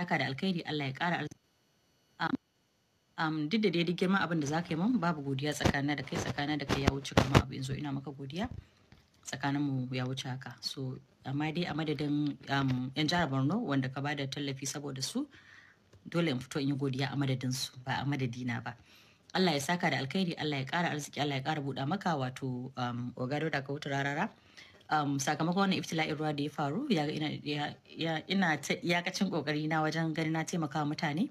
saka da alkhairi Allah ya kara arziki um, duk da daidai girma abin da za ka yi mun babu godiya tsakanin da kai tsakanin da kai ya wuce kama abu yanzu ina maka godiya tsakanin mu ya wuce haka so amma dai a madadin um, yan jihar borno wanda ka bada tallafi saboda su dole in fito in yi godiya a madadin su ba a madadina ba Allah ya saka da alkhairi Allah ya ƙara arziki Allah ya ƙara buɗa maka wato um, ogado daga wutar rarara um, sakamakon wannan iftila'in ruwa da ya faru ina ta iyakacin kokari na wajen ganin na taimaka mutane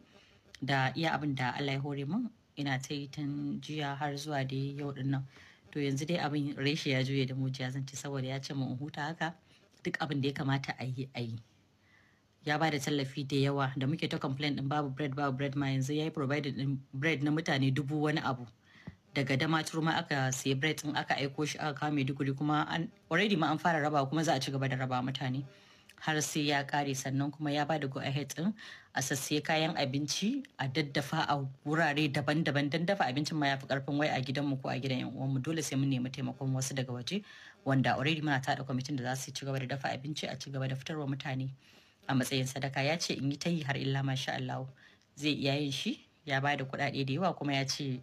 da iya abin da Allah ya hore mun ina ta yi tun jiya har zuwa da yau din nan to yanzu dai abin reshe ya juya da mujiya zan ci saboda ya ce mun huta haka duk abin da ya kamata a yi a yi ya ba da tallafi da yawa da muke ta complain din babu bread babu bread ma yanzu ya yi provided din bread na mutane dubu wani abu daga dama turma aka sayi bread din aka aiko shi aka kame duguri kuma an already ma an fara raba kuma za a ci gaba da raba mutane har sai ya kare sannan kuma ya bada go ahead din a sassaye kayan abinci a daddafa a wurare daban-daban don dafa abincin ma yafi karfin wai a gidanmu ko a gidan yan uwanmu dole sai mun nemi taimakon wasu daga waje wanda already muna tada kwamitin da za su ci gaba da dafa abinci a ci gaba da fitarwa mutane a matsayin sadaka ya ce in yi ta yi har illa masha Allah zai iya yin shi ya ba da kuɗaɗe da yawa kuma ya ce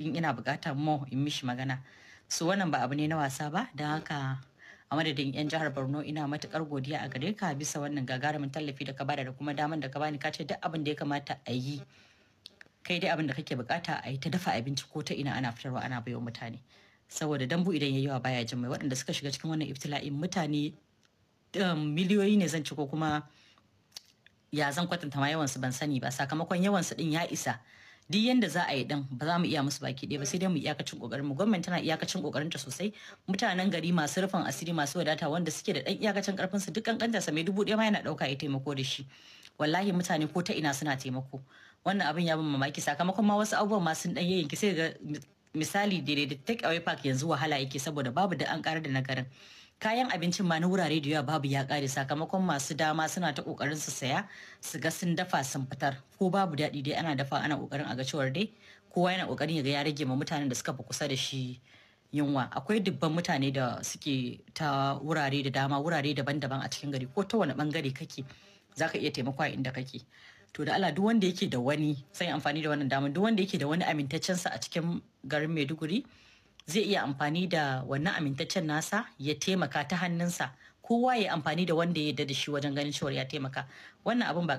in ina bukatar mo in mishi magana su wannan ba abu ne na wasa ba don haka a madadin yan jihar borno ina matukar godiya a gare ka bisa wannan gagarumin tallafi da ka bada da kuma daman da ka bani ka ce duk abin da ya kamata a yi kai dai abin da kake bukata a yi ta dafa abinci ko ta ina ana fitarwa ana baiwa mutane saboda dambu idan ya yawa baya jin mai waɗanda suka shiga cikin wannan ibtila'in mutane um, miliyoyi ne zan ci ko kuma ya zan kwatanta ma yawansu ban sani ba sakamakon yawansu din ya isa duk yanda za a yi dan ba za mu iya musu baki ɗaya ba sai dai mu iyakacin kokarin mu gwamnati tana iyakacin kokarin ta sosai mutanen gari masu rufin asiri masu wadata wanda suke da dan iyakacin karfin su duk kanta sa mai dubu ɗaya ma yana dauka ya taimako da shi wallahi mutane ko ta ina suna taimako wannan abin ya bin mamaki sakamakon ma wasu abubuwan ma sun ɗan yayyanki sai ga misali da take away park yanzu wahala yake saboda babu da an ƙara da nagarin kayan abincin ma na wurare da yawa babu ya kare sakamakon masu dama suna ta kokarin su saya su ga sun dafa sun fitar ko babu daɗi dai ana dafa ana kokarin a ga cewar dai kowa yana kokarin ya ga ya rage ma mutanen da suka fi kusa da shi yunwa akwai dubban mutane da suke ta wurare da dama wurare daban-daban a cikin gari ko ta wani bangare kake zaka iya taimakawa inda kake to da Allah duk wanda yake da wani sai amfani da wannan damar duk wanda yake da wani amintaccen sa a cikin garin Maiduguri zai iya amfani da wannan amintaccen nasa ya taimaka ta hannunsa kowa ya amfani da wanda ya da shi wajen ganin cewar ya taimaka wannan abin ba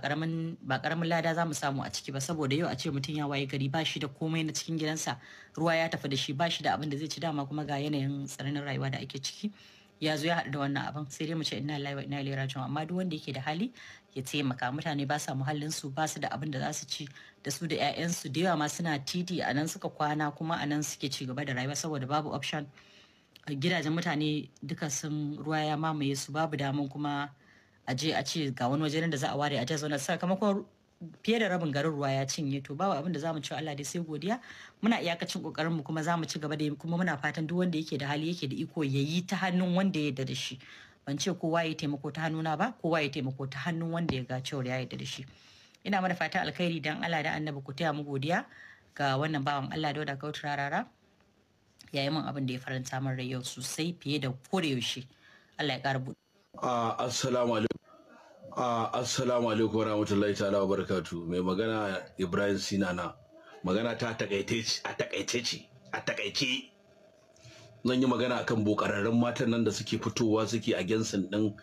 ba karamin lada za mu samu a ciki ba saboda yau a ce mutum ya waye gari ba shi da komai na cikin gidansa ruwa ya tafi da shi ba shi da abin da zai ci dama kuma ga yanayin tsananin rayuwa da ake ciki ya zo ya haɗu da wannan abin sai dai mu ce inna lillahi wa inna ilaihi raji'un amma duk wanda yake da hali ya taimaka mutane ba sa muhallin su ba su da abin da za su ci da su da 'ya'yansu da yawa ma suna titi a nan suka kwana kuma a nan suke ci gaba da rayuwa saboda babu option gidajen mutane duka sun ruwa ya mamaye su babu damun kuma a je a ce ga wani waje da za a ware a je zauna sakamakon fiye da rabin garin ruwa ya cinye to babu abin da zamu ci Allah dai sai godiya muna iyakacin kokarin mu kuma zamu ci gaba da kuma muna fatan duk wanda yake da hali yake da iko yayi ta hannun wanda ya da shi ban ce kowa ya taimako ta hannuna ba kowa ya taimako ta hannun wanda ya ga cewa ya yarda da shi ina mana fata alkhairi dan Allah da annabi ku taya mu godiya ga wannan bawan Allah da wadaka rarara yayi yi min abin da ya faranta min rai sosai fiye da yaushe. Allah ya ƙara buɗe. Ah, assalamu alaikum. Uh, assalamu alaikum warahmatullahi ta'ala wabarakatuh mai magana Ibrahim Sinana magana ta takaice a takaice ce a takaice zan yi magana akan bokararrun matan nan da suke fitowa suke a gensin din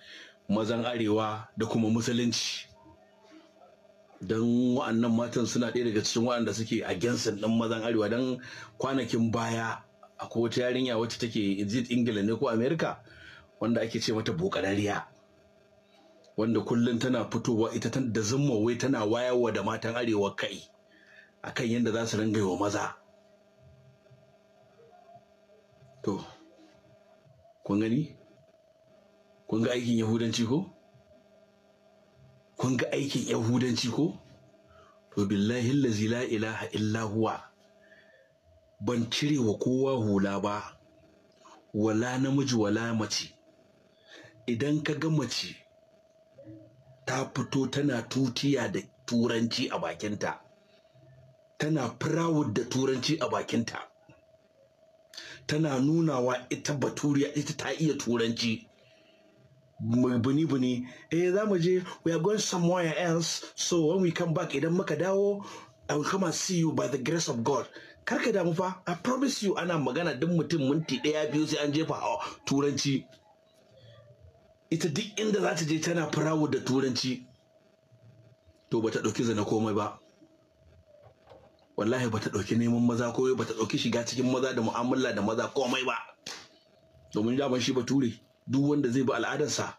mazan arewa da kuma musulunci don wa'annan matan suna ɗaya daga cikin wa'anda suke a gensin din mazan arewa don kwanakin baya akwai wata yarinya wacce take Egypt Ingila ne ko America wanda ake ce mata bokarariya wanda kullum tana fitowa ita tana da zumma wai tana wayarwa da matan arewa kai akan yadda za su ringa wa maza to kun gani kun ga aikin yahudanci ko kun ga aikin yahudanci ko to billahi allazi la ilaha illa huwa ban cire wa kowa hula ba wala namiji wala mace idan ka ga mace ta fito tana tutiya da turanci a bakinta tana proud da turanci a bakinta tana nunawa ita baturiya ita ta iya turanci buni-buni eh za mu je we are going somewhere else so when we come back idan muka dawo I will come and see you by the grace of God karka damu fa I promise you ana magana duk mutum minti ɗaya biyu sai an jefa turanci ita duk inda za ta je tana firawo da turanci to ba ta ɗauki zina komai ba wallahi ba ta ɗauki neman maza ko ba ta ɗauki shiga cikin maza da mu'amala da maza komai ba domin daman shi bature duk wanda zai bi al'adarsa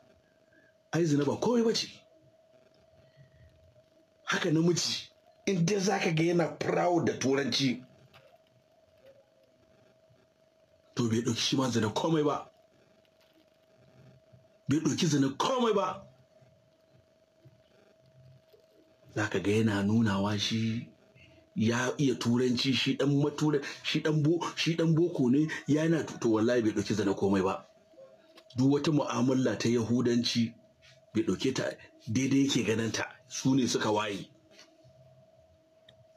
ai zina ba komai ba ce haka namiji in dai zaka ga yana proud da turanci to bai ɗauki shi ma zina komai ba bai ɗauki zina komai ba Zaka ga yana nunawa shi ya iya turanci shi ɗan matura shi dan bo shi dan boko ne yana to wallahi bai ɗauki zina komai ba duk wata mu'amala ta yahudanci bai ɗauke ta daidai yake gananta su ne suka waye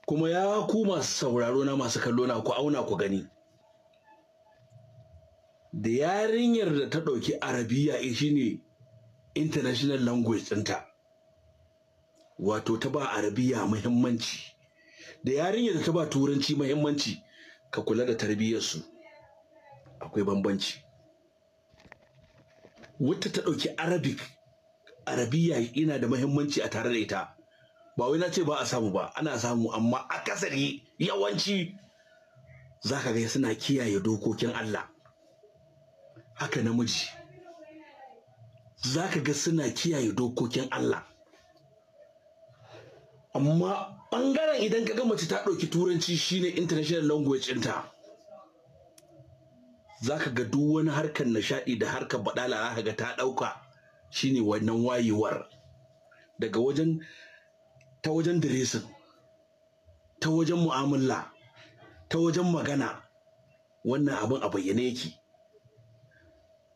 kuma ya ku masu sauraro na masu kallo na ku auna ku gani da yarinyar da ta ɗauki arabiya eh, shine international language ɗinta wato ta ba arabiya muhimmanci da yarinyar da ta ba turanci muhimmanci ka kula da tarbiyyarsu akwai bambanci wata ta ɗauki arabic arabiya yana da muhimmanci a tare da ita ba wai na ce ba a samu ba ana samu amma akasari yawanci za ka ga suna kiyaye dokokin Allah haka namiji za ka ga suna kiyaye dokokin Allah amma ɓangaren idan ka ga mace ta ɗauki turanci shine international language ɗinta za ka ga duk wani harkar nishaɗi da harkar baɗalaka za ga ta ɗauka shine wannan wayewar daga wajen ta wajen dressing ta wajen mu'amala ta wajen magana wannan abin a bayyane yake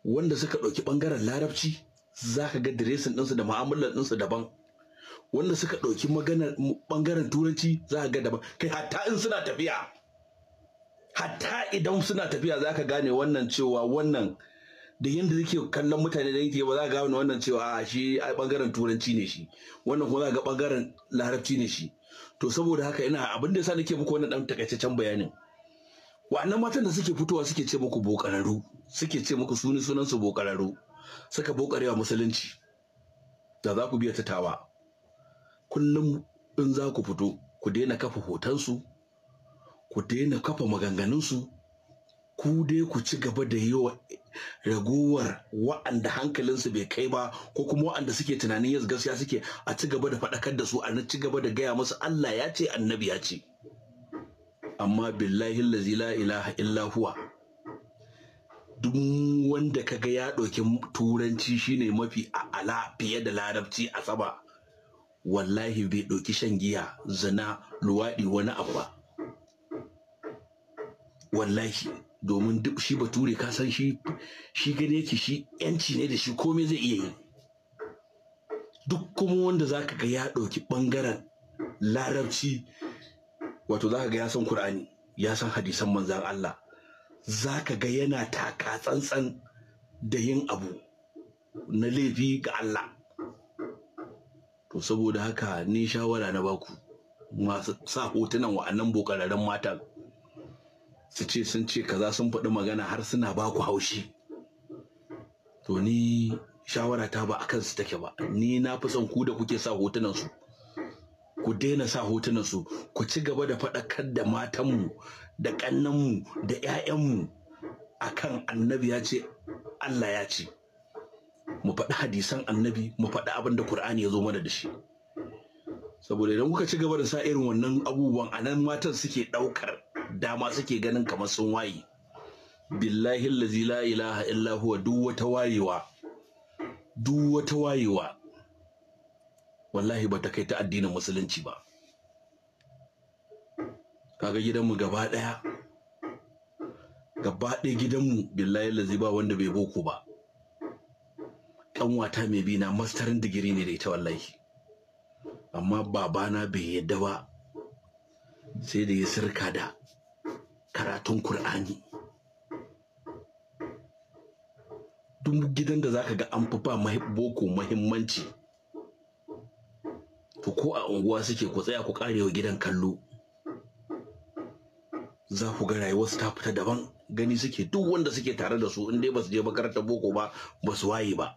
wanda suka ɗauki ɓangaren larabci za ka ga diresin ɗinsu da mu'amalar ɗinsu daban wanda suka ɗauki ɓangaren turanci za ka ga daban kai hatta in suna tafiya hatta idan suna tafiya za ka gane wannan cewa wannan da yadda suke kallon mutane da yake ba za ka gane wannan cewa a shi ɓangaren turanci ne shi wannan kuma za ka ga ɓangaren larabci ne shi to saboda haka ina abin da sa nake muku wannan ɗan takaitaccen bayanin wa'annan matan da suke fitowa suke ce muku bokararru suke ce muku suni sunan su bokararru suka bokarewa musulunci da za ku biya ta tawa kullum in za ku fito ku daina kafa hotonsu ku daina kafa maganganunsu ku dai ku ci gaba da yi wa ragowar wa'anda hankalinsu bai kai ba ko kuma wa'anda suke tunanin yanzu gaskiya suke a ci gaba da faɗakar da su a ci gaba da gaya musu Allah ya ce annabi ya ce amma billahi lazi la ilaha illa huwa duk wanda kaga ya ɗauki turanci shine mafi Ala fiye da larabci a saba wallahi bai ɗauki shan giya zina luwaɗi wani abu ba wallahi domin duk shi bature ka san shi shi gane yake shi yanci ne da shi komai zai iya yi duk kuma wanda zaka ga ya ɗauki ɓangaren larabci wato za ka ga ya san yasan ya san hadisan manzan Allah za ka ga yana taka tsantsan da yin abu na laifi ga Allah to saboda haka ni shawara na baku masu sa hotunan wa'annan bokararren matan su ce sun ce kaza sun faɗi magana har suna baku haushi to ni shawara ta ba akan su take ba ni na fi son ku da kuke sa hotunan su ku daina sa hotunan su ku ci gaba da faɗakar da matanmu da ƙannanmu da 'ya'yanmu akan annabi ya ce Allah ya ce mu faɗi hadisan annabi mu faɗi abin da Qur'ani ya zo mana da shi saboda idan kuka ci gaba da sa irin wannan abubuwan a nan matan suke ɗaukar dama suke ganin kamar sun waye billahi allazi la ilaha illa huwa duk wayewa duk wata wayewa wallahi ba ta kai ta addinin musulunci ba kaga gidanmu gaba ɗaya gaba ɗaya gidanmu billahi lazi ba wanda bai boko ba ƙanwata mai bi na mastarin digiri ne da ita wallahi amma babana bai yadda ba sai da ya sirka da karatun Kur'ani. duk gidan da zaka ga an fi ba boko muhimmanci to ko a unguwa suke ku tsaya ku karewa gidan kallo za ku ga rayuwarsu ta fita daban gani suke duk wanda suke tare da su in dai ba su je makarantar boko ba ba su waye ba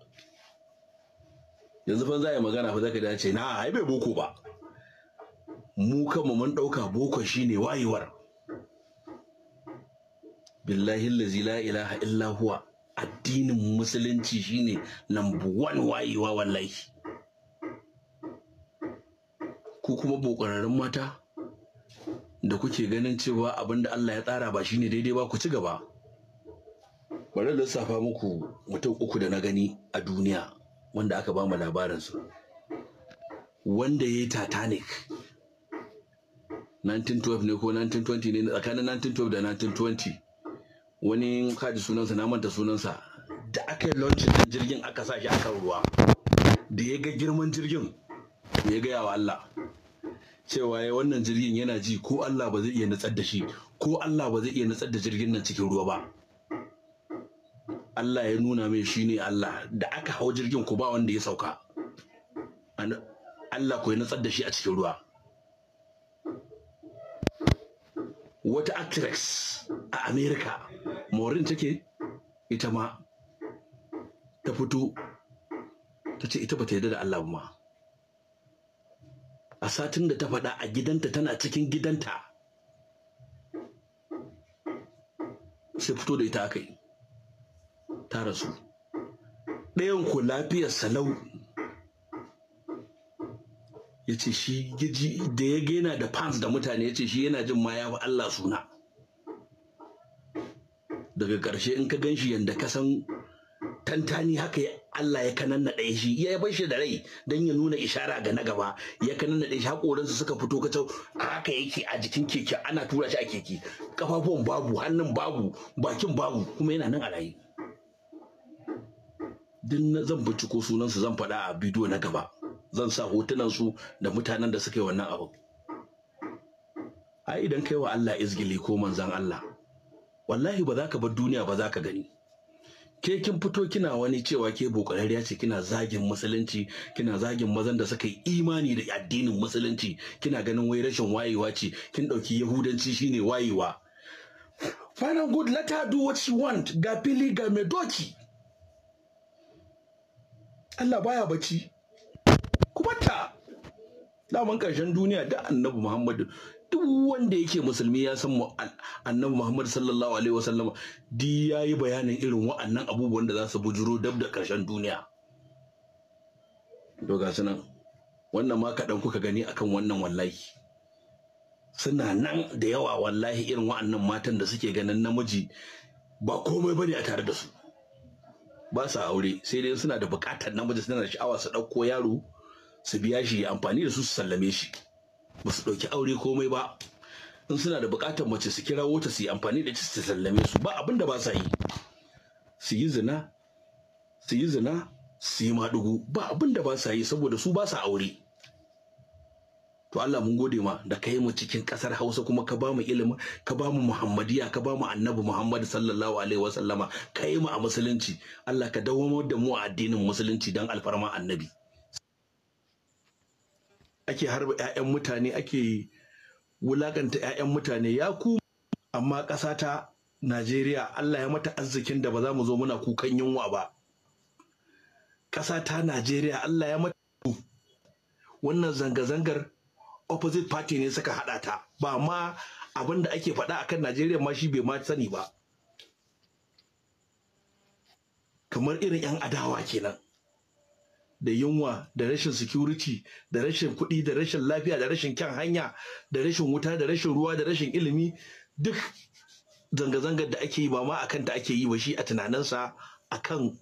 yanzu fa za a yi magana fa zaka dace na ai bai boko ba mu kanmu mun ɗauka boko shine wayewar billahi allazi la ilaha illa huwa addinin musulunci shine number one wayewa wallahi ku kuma bokararrun mata da kuke ganin cewa abinda Allah ya tsara ba shine daidai ba ku ci gaba bari safa muku mutum uku da na gani a duniya wanda aka ba mu su wanda yayi titanic 1912 ne ko 1920 ne tsakanin 1912 da 1920 wani kaji sunansa na manta sunansa da aka yi launching din jirgin aka sa shi akan ruwa da ya ga girman jirgin ya gaya wa Allah cewa ya wannan jirgin yana ji ko Allah ba zai iya nutsar da shi ko Allah ba zai iya nutsar da jirgin nan cikin ruwa ba Allah ya nuna mai shi ne Allah da aka hau jirgin ku ba wanda ya sauka Allah ku ya nutsar da shi a cikin ruwa wata actress a America Maureen take ita ma ta fito ta ce ita ba ta yarda da Allah ba a satin da ta faɗa a gidanta tana cikin gidanta sai fito da ita aka yi ta rasu ɗayan ku lafiyar salau ya ce shi da ya gena da fans da mutane ya ce shi yana jin maya ya fi Allah suna daga ƙarshe in ka gan shi yadda ka san tantani haka Allah ya kanannaɗe shi ya bar shi da rai don ya nuna ishara ga na gaba ya ɗaya shi haƙoransa suka fito kacau haka yake a jikin keke ana tura shi a keke Ƙafafuwan babu hannun babu bakin babu kuma yana nan a rayu. duk zan binciko sunansu zan faɗa a bidiyo na gaba zan sa hotunan su da mutanen da suka yi wannan abu ai idan kai wa Allah izgili ko manzon Allah wallahi ba za ka bar duniya ba za ka gani ke kin fito kina wani cewa ke bokarariya ce kina zagin musulunci kina zagin mazan da suka yi imani da addinin musulunci kina ganin wai rashin wayewa ce kin ɗauki yahudanci shine wayewa and good let her do what she want ga fili ga mai doki Allah baya bacci kuma ta daman ƙarshen duniya da annabi Muhammadu duk wanda yake musulmi ya san annabi Muhammad sallallahu alaihi wasallama di yayi bayanin irin wa'annan abubuwan da za su bujuro dab da ƙarshen duniya to ga wannan ma kaɗan kuka gani akan wannan wallahi suna nan da yawa wallahi irin wa'annan matan da suke ganin namiji ba komai bane a tare da su ba su aure sai dai suna da bukatar namiji suna da sha'awa su ɗauko yaro su biya shi amfani da su su sallame shi ba su ɗauki aure komai ba in suna da buƙatar mace su kira ta su yi amfani da su sallame su ba abin da ba sa yi su yi zina su yi zina su yi maɗugu ba abin da ba sa yi saboda su ba sa aure to Allah mun gode ma da kai mu cikin kasar Hausa kuma ka ba mu ilimi ka ba mu Muhammadiya ka ba mu Annabi Muhammad sallallahu alaihi wasallama kai mu a musulunci Allah ka dawo da mu a addinin musulunci dan alfarma annabi ake harba 'ya'yan mutane ake wulakanta 'ya'yan mutane ya ku amma ƙasa ta Najeriya Allah ya mata arzikin da ba za mu zo muna kukan yunwa ba ƙasa ta Najeriya Allah ya mata wannan zanga-zangar opposite party ne suka haɗa ta ba ma abin da ake faɗa akan Najeriya ma shi bai ma sani ba kamar irin 'yan adawa kenan da yunwa da rashin security da rashin kuɗi da rashin lafiya da rashin kyan hanya da rashin wuta da rashin ruwa da rashin ilimi duk zanga-zangar da ake yi ba ma akan ta ake yi ba shi a tunaninsa akan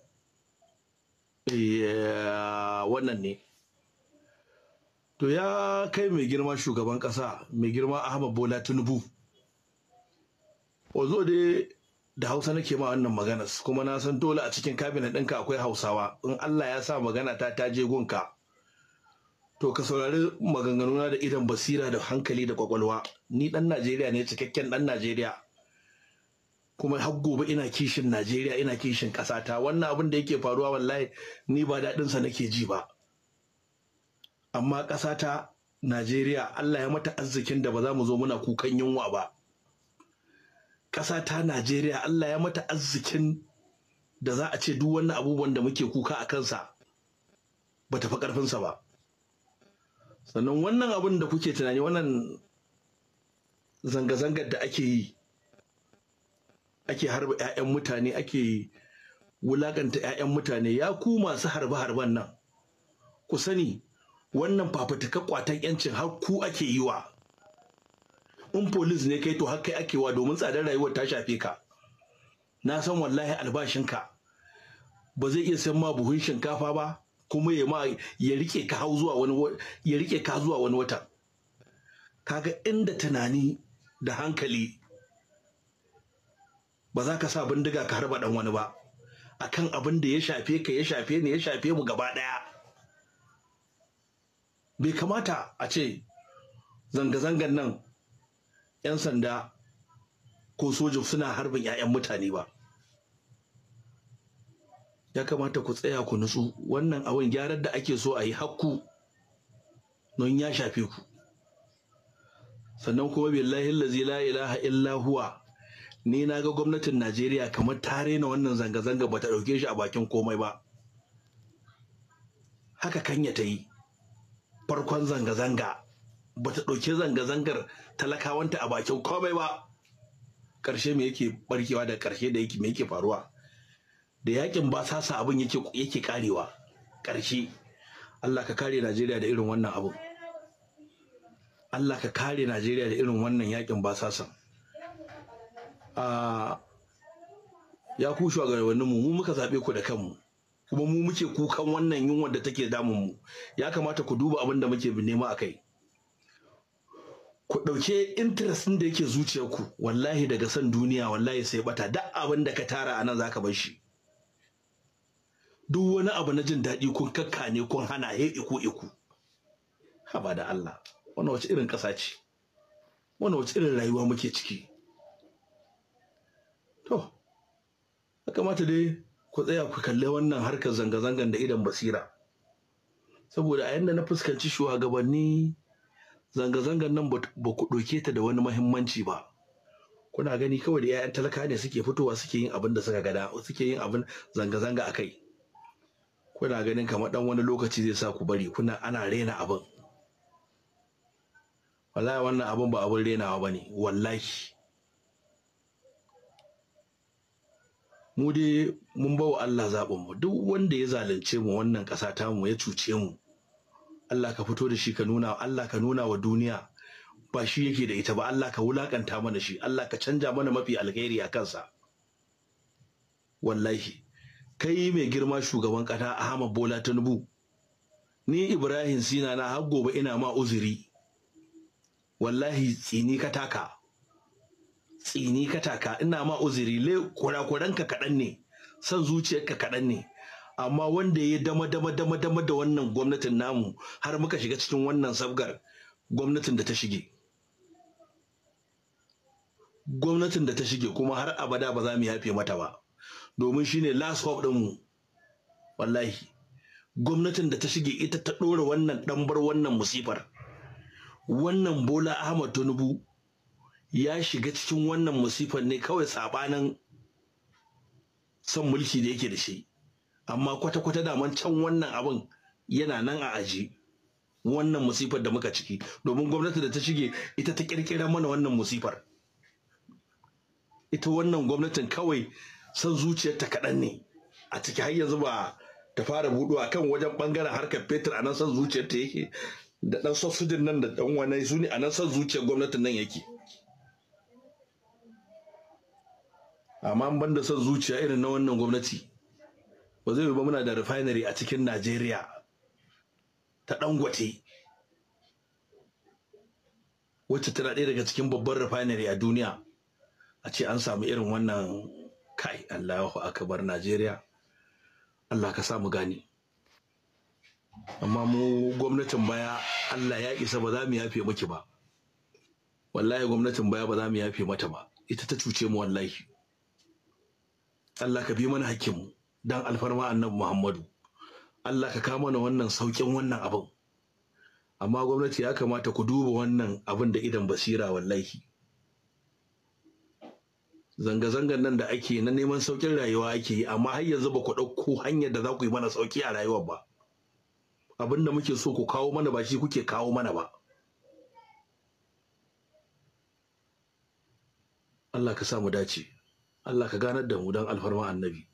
eh, wannan ne to ya kai mai girma shugaban ƙasa mai girma ahmad bola tinubu wazo dai da hausa nake ma wannan maganar kuma na san dole a cikin kabinet ɗinka akwai hausawa in allah ya sa magana ta ta je gunka to ka saurari maganganuna da idan basira da hankali da kwakwalwa ni ɗan najeriya ne cikakken ɗan najeriya kuma har gobe ina kishin najeriya ina kishin ƙasata wannan abin da yake faruwa wallahi ni ba sa nake ji ba amma ƙasata najeriya allah ya mata arzikin da ba za mu zo muna kukan yunwa ba ƙasa ta Najeriya Allah ya mata arzikin da za a ce duk wannan abubuwan da muke kuka a kansa ba ta fi ƙarfinsa ba sannan wannan abin da kuke tunani wannan zanga-zangar da ake yi ake harba 'ya'yan mutane ake wulakanta 'ya'yan mutane ya ku masu harbe-harben nan ku sani wannan fafutuka kwatan 'yancin har ku ake yi wa in polis ne kai to har kai ake wa domin tsadar rayuwar ta shafe ka na san wallahi albashinka ba zai iya san ma buhun shinkafa ba kuma ya ma ya rike ka hau zuwa wani ya rike ka zuwa wani wata kaga inda tunani da hankali ba za ka sa bindiga ka harba dan wani ba akan abin da ya shafe ka ya shafe ne ya shafe mu gaba daya bai kamata a ce zanga-zangan nan 'yan sanda ko soja suna harbin 'ya'yan mutane ba ya kamata ku tsaya ku nutsu wannan abin gyarar da ake so a yi hakku don ya shafe ku sannan kuma billahi lazi la ilaha illa huwa ni na ga gwamnatin Najeriya kamar ta na wannan zanga-zanga ta ɗauke shi a bakin komai ba haka kanya ta yi farkon zanga-zanga Ba ta ɗauki zanga-zangar talakawanta a bakin komai ba ƙarshe me yake barkewa da ƙarshe da yake me yake faruwa da yakin ba sasa abin yake yake karewa ƙarshe Allah ka kare Najeriya da irin wannan abu Allah ka kare Najeriya da irin wannan yakin ba sasan a ah, ya ku shugabannin mu mu muka zabe ku da kanmu kuma mu muke kukan wannan yunwar da take damun mu ya kamata ku duba abin da muke nema a kai. ku ɗauke interest da yake ku, wallahi daga san duniya wallahi sai bata da abin da ka tara anan zaka bar shi duk wani abu na jin daɗi kun kakka ne kun hana he iku iku haba da Allah wani wace irin ƙasa ce wani wace irin rayuwa muke ciki to ya kamata dai ku tsaya ku kalli wannan harkar zanga-zangan da idan basira saboda a yanda na fuskanci shugabanni zanga-zangar nan ba ku ɗauke ta da wani mahimmanci ba kuna gani kawai da 'ya'yan talaka ne suke fitowa suke yin abin da suka gada suke yin abin zanga-zanga a kai kuna ganin kamar ɗan wani lokaci zai sa ku bari kuna ana rena abin wallahi wannan abin ba abin renawa ba ne wallahi mu dai mun bawa Allah zaɓin mu duk wanda ya zalunce mu wannan ƙasa tamu ya cuce mu Allah ka fito da shi ka nuna Allah ka nuna wa duniya ba shi yake da ita ba Allah ka wulakanta mana shi Allah ka canja mana mafi alheri a kansa wallahi kai mai girma shugaban kasa Ahmad Bola Tinubu ni Ibrahim Sina na har gobe ina ma uzuri wallahi tsini ka taka tsini ka taka ina ma uzuri le kurakuranka kaɗan ne son zuciyarka kaɗan ne amma wanda ya dama dama dama dama da wannan gwamnatin namu har muka shiga cikin wannan sabgar gwamnatin da ta shige gwamnatin da ta shige kuma har abada ba za mu yafe mata ba domin shine last hope mu, wallahi gwamnatin da ta shige ita ta ɗora wannan bar wannan musifar wannan bola ahmad Tunubu ya shiga cikin wannan musifar ne kawai saɓanin son mulki da yake da shi amma kwata-kwata daman can wannan abin yana nan a aji wannan musifar da muka ciki domin gwamnati da ta shige ita ta kirkira mana wannan musifar ita wannan gwamnatin kawai san zuciyarta kaɗan ne a ciki har yanzu ba ta fara buɗo a kan wajen ɓangaren harkar fetur a nan san zuciyarta yake da ɗan sosudin nan da ɗan wani su ne a nan san zuciyar gwamnatin nan yake amma ban da san zuciya irin na wannan gwamnati ba zai yi ba muna da refinery a cikin Najeriya ta Dangote wacce tana ɗaya daga cikin babban refinery a duniya a ce an samu irin wannan kai Allahu akbar Najeriya Allah ka samu gani amma mu gwamnatin baya Allah ya isa ba za mu yafe miki ba wallahi gwamnatin baya ba za mu yafe mata ba ita ta cuce mu wallahi Allah ka bi mana hakkinmu dan alfarma annabi Muhammadu Allah ka kama mana wannan saukin wannan abin amma gwamnati ya kamata ku duba wannan abin da idan basira wallahi zanga-zangan nan da ake na neman saukin rayuwa ake yi amma har yanzu ba ku ɗauko hanyar da za ku yi mana sauki a rayuwar ba abin da muke so ku kawo mana ba shi kuke kawo mana ba Allah ka sa dace Allah ka ganar da mu don alfarma annabi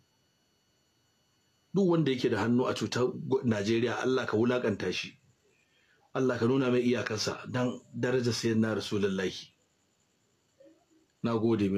duk wanda yake da hannu a cutar Najeriya Allah ka wulaƙanta shi Allah ka nuna mai iyakarsa dan darajar sayyidina rasulullahi na gode